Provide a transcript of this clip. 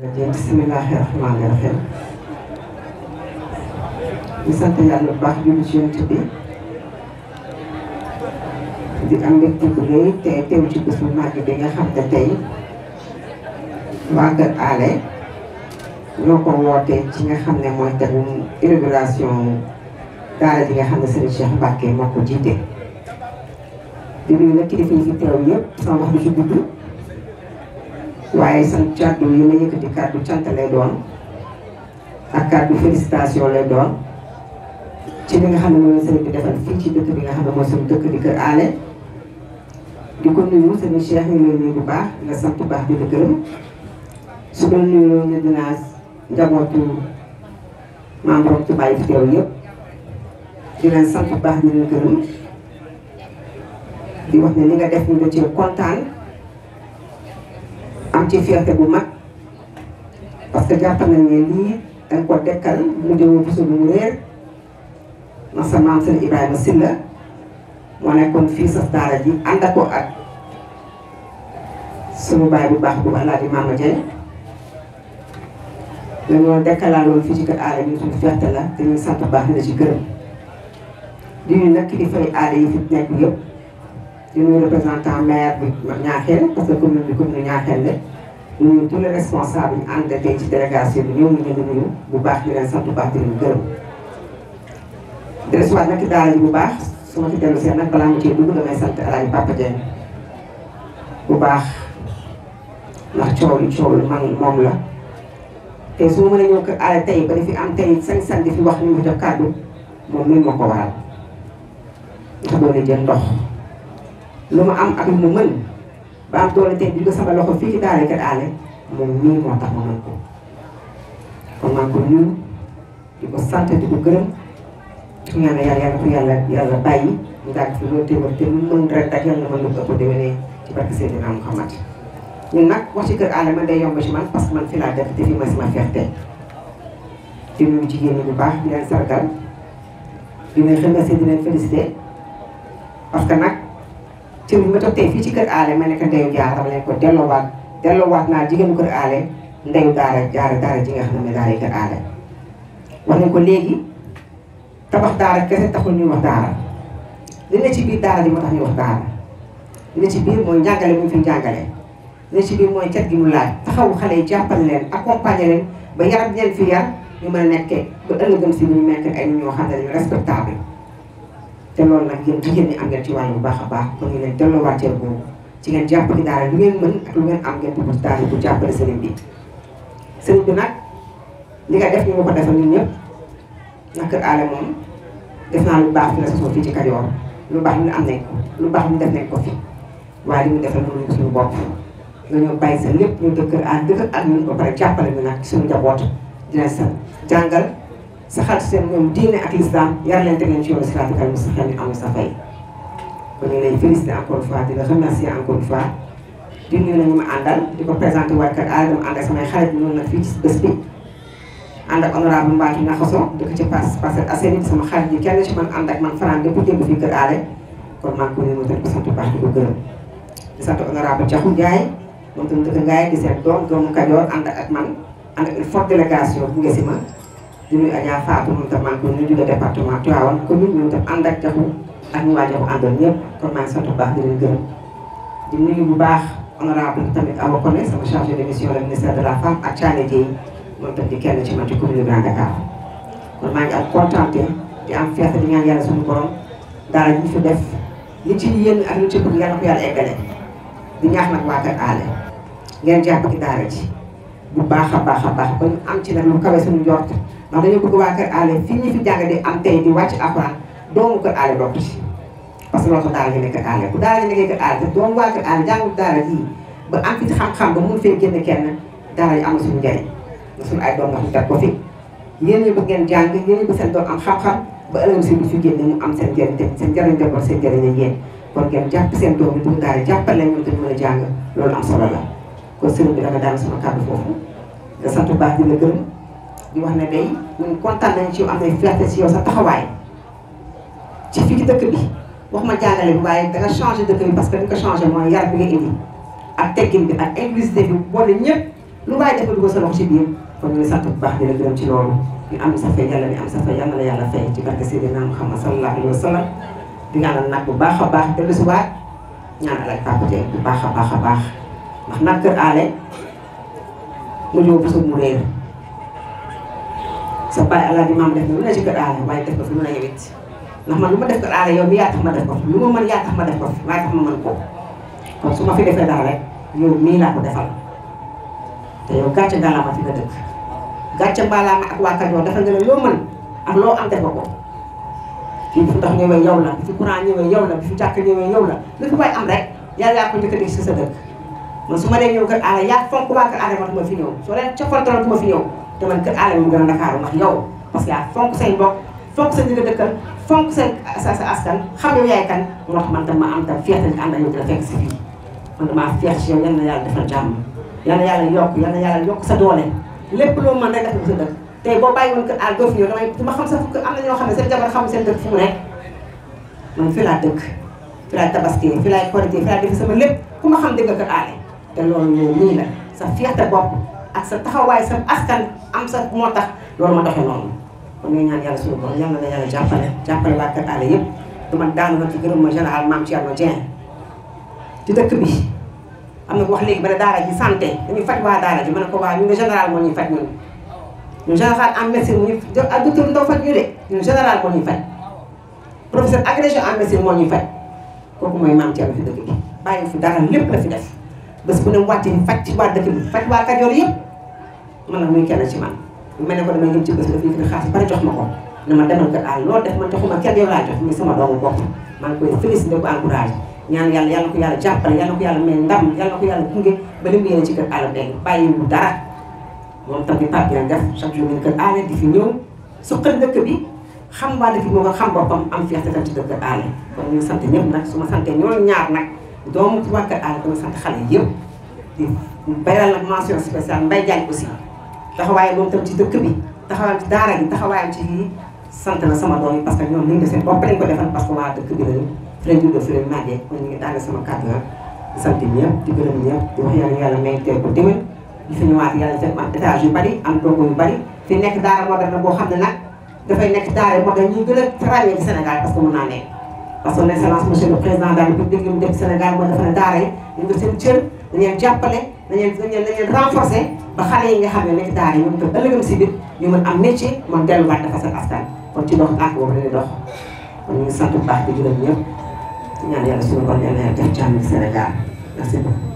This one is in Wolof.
jërëjëf bismillaahi rahmaani rahiim di sant yàlla bu baax julli ci yonent bi di am mbégte bu rëy te teew ci bés bu màgg bi nga xam ne tey waa Kër Allé ñoo ko ci nga xam ne mooy tam inauguration daara ji nga xam ne Serigne Cheikh Mbacké moo ko jiite. di nuyu nag kilifa yi fi teew yëpp sama wax bi ci gudd. waaye sant kàddu yi ma yëkkati kàddu cant lay doon ak kàddu félicitation lay doon ci li nga xam ne mooy sëriñ bi defal fii ci dëkk bi nga xam ne mooy suñu dëkk di Kër ale di ko nuyu sëriñ Cheikh ñu lay nuyu bu baax nga sant bu baax di la gërëm su ko nuyoo ñu dinaa ci bàyyi fi teew baax di la gërëm di wax ne li nga def ñu da cee kontaan. ci fierté bu mag parce que jàpp nañ ne lii dañ ko dekkal mu jëmoo bisu bu réer na sa maam sëñ Ibrahima Silla moo nekkoon fii saf daara ji ànd ak ko ak suñu baay bu baax bu Alaaji Maama Dieng dañoo dekkalaaloon fii ci kër aada ñu suñu fierté la te ñu sant baax na ci gërëm di yi fi nekk yëpp di ñu représentant maire bi Ñaaxeen parce que commune bi commune Ñaaxeen la nuyu tous les responsables yi ànd tey ci délégation bi ñoom ñu ngi nuyu bu baax di leen sant bu baax di leen gërëm. dellusiwaat nag ci daara ji bu baax su ma ci dellu seen nag balaa ma cee dugg sant El Hadj Papa Dieng bu baax ndax coow li coow li man moom la. te su ma mënee ñëw kër aada tey ba di fi am tey sañ sañ di fi wax ñu ngi def kàddu moom mii ma ko waral. ndax doon jël ndox lu ma am ak mu mën. ba am doole tey ko sama loxo fii ci daara kat àlle moom mii moo tax ma mën ko kon maa ko nuyu di ko sant di ko gërëm di ko ñaanal yàlla yàlla bàyyi mu loolu téeméer te mu mën rek ak yàlla mën na ko ëpp déwénee ci barke Seydina Muhammad ñun nag wax ci kër àlle man day yomb ci man parce man fi laa te fi ma sama fierté di nuyu jigéen ñi bu baax di leen sargal di leen remercier di leen féliciter parce que nag. ci bi ma toog tey fii ci kër aale ma nekk ndeyu jaara ma leen ko delloowaat delloowaat naa jigéenu kër aale ndeyu daara jaara ji nga xam ne daara yi kër aale wax nañ ko léegi tabax daara kese taxul ñuy li ne ci biir daara ji moo tax ñuy wax daara li ne ci biir mooy njàngale bu fi njàngale li ne ci biir mooy cet gi mu laaj taxawu xale yi jàppale leen accompagner leen ba yaram leen fi yar ñu mën a nekkee ba ëllëgëm si bu ñu nekk ay ñoo xam ne dañu respectable te loolu nag yéen di ngeen di am ngeen ci wàññi bu baax a baax pour ñu leen delloo wàcceel boobu ci ngeen jàpp ci daara lu ngeen mën ak lu ngeen am ngeen dugg ci daara bu jàppale sa bi sëriñ bi nag li nga def ñu nga ko defal ñun ñëpp nag kër aale moom def naa lu baax fi lu baax ñu am nañ ko lu baax ñu def nañ ko fi waaye li mu defal mënuñu suñu bopp nga ñëw bàyyi sa lépp ñu dëkk ak ñun ba pare jàppale ñu nag ci suñu njaboot dina sa jàngal saxal seen ñoom diine ak lislaam yar leen teg leen ci yoonu siraatal mustaqiim amul sa fay kon ñu ngi lay félicité encore une fois di la remercier encore fois di nuyu nañu ma àndal yi kenn man ànd ak fii kër aale kon maa ngi ko nuyu ma tëdd ko baax di ko gërëm di sant honorable Diakhou Ndiaye moom tamit dëkk Ngaye di seen doom doomu Kajoor ànd ak man ànd ak une forte ma di nuyu Adja Fatou moom tam maa ngi ko nuyu jóge département Tivaouane ko nuyu moom tam ànd ak jaxu ak ñu waa jaxu àndal ñëpp kon maa ngi sant bu baax di leen di nuyu bu baax honorable tamit sama chargé de mission le ministère de la femme ak Thiané Dieye tam di kenn ci ma ci commune Grand Dakar kon ma ngi am contenté di am fierté di ñaan yàlla suñu borom dara ñu fi def li ci yéen ak li ci bëgg yàlla ko yàlla eggale di ñaax nag waa kër ngeen ci bu baax a baax a baax ba ñu am ci nag lu kawe suñu njort ndax bëgg waa Kër Allé fii ñu fi am tey di wàcc a doomu Kër Allé parce que loolu tax daara bu daara ji nekkee Kër Allé te doomu waa ba am xam-xam ba mun fee génn kenn daara ji am na suñu njëriñ ay doom nga xam ko fi yéen ñu bëgg ngeen jàng yéen seen doom am xam-xam ba ëllëg si bu fi génne ñu am seen njëriñ seen njëriñ njaboot seen njëriñ yéen kon ngeen jàpp seen doom bi bu daara jàppale ñu mën a jàng loolu am solo la kon sëriñ bi dama sama kàddu foofu nga de baax di la gërëm di wax ne day ñu kontaan nañ ci am fierté ci yow sa taxaway ci fi ci dëkk bi waxuma jàngale bi waaye de changé parce que ko changé mooy yar bi nga indi ak teggin bi ak inclusivité bi boole ñëpp lu bàyyi defal ko sa loxo ci biir kon ñu sant baax di la gërëm ci loolu ñu am sa fay yàlla ñu am sa fay yàlla la yàlla fay ci barke Seydina Muhammad sallallahu alayhi wa sallam di la nag bu baax a baax ñaanal ak bu baax ndax nag kër aale mu ñëw bésub mu réer sa baay alaaji maam def na lu ci kër aale waaye def ko fi lu ne yow it ndax man lu ma def kër aale yow ma def ko lu ma mën yaa tax ma def ko waaye ma mën ko kon su ma fi defee dara rek mii laa ko defal te yow gàcce ngalaama fi nga dëkk gàcce mbaalaama ak waa Kajoor dafa nga ne loo mën a loo am def ko fii bu fi ndox ñëwee yow la bu fi courant ñëwee yow la bu fi jàkk ñëwee yow la lu fi waay am rek yàlla yaa ko njëkk a dégg si sa dëkk man su ma dee ñëw kër aada yaa fonk waa kër aada ma ma fi ñëw soo ma fi a na yàlla defal jàmm yal na yàlla yokk yal ma xam sa fukk am na ñoo xam ne seen jabar xam seen laa dëkk fi laa tabaski fi fi laa def sama lépp ku ma xam dëgg kër aada te loolu ñoom nii la sa fierté bopp ak sa taxawaay sa askan am sa moo tax loolu ma doxee noonu kon ñoo ñaan yàlla suñu borom yàlla na yàlla jàppale jàppale waa Kër Allé yëpp du man daanu ma ci gërëm ma général maam Thierno Dieng ci dëkk bi am na ko ba ne daara ji santé dañuy faj waa daara ji ma ko waa ñun de général moo ñuy faj ñun ñun général en médecine ñu ak docteur ndaw faj ñu de ñun général moo ñuy faj professeur agrégé en médecine moo ñuy faj kooku mooy maam Thierno fi dëkk bi bàyyi fi dara lépp la fi def bés bu ne wàccee fàcc waa dëkk bi fàcc waa Kajoor yëpp man nag muy kenn ci man ma ne ko damay dem ci bés ba fii fi ne xaalis bari jox ma ko ne ma demal ko daal loolu def man joxuma kenn yow laa ba li mu yéene ci kër àll day bàyyiwu dara moom tam di dëkk bi xam waa dëkk bi moo ko xam boppam am fierté tam ci dëkk àll kon ñu sant ñëpp nag su ma sante ñoom ñaar nag doomu ci wàkk àll ba sant xale yëpp mu beral nag mention spéciale Mbaye Diagne aussi taxawaayam moom tam ci dëkk bi taxawaayam ci daara gi taxawaayam ci lii sant na sama doom yi parce que ñoom ñu ngi def bopp lañ ko parce que waa dëkk bi lañu fi lañ juddoo fi lañ màggee kon ñu ngi daane sama kàddu la di sant ñëpp di gërëm ñëpp di wax yàlla yàlla may teel ko déwén ñu fi ñëwaat yàlla seen bari am toogu yu bari fi nekk daara moderne boo xam ne nag dafay nekk a travailler ci Sénégal parce que mun naa nekk à son excellence monsieur le président de la République mu jëm Sénégal mooy dafa ne daara yi ñu ngi seen cër dañu jàppale dañu leen dañu ba xale yi nga xam ne nekk daara yi moom itam ëllëgam si biir ñu mën am métier mën delluwaat dafa seen askan kon ci dox ak boobu la ñuy dox kon ñu ngi sant bu baax di gërëm ñëpp ñaan yàlla suñu borom yàlla na def Sénégal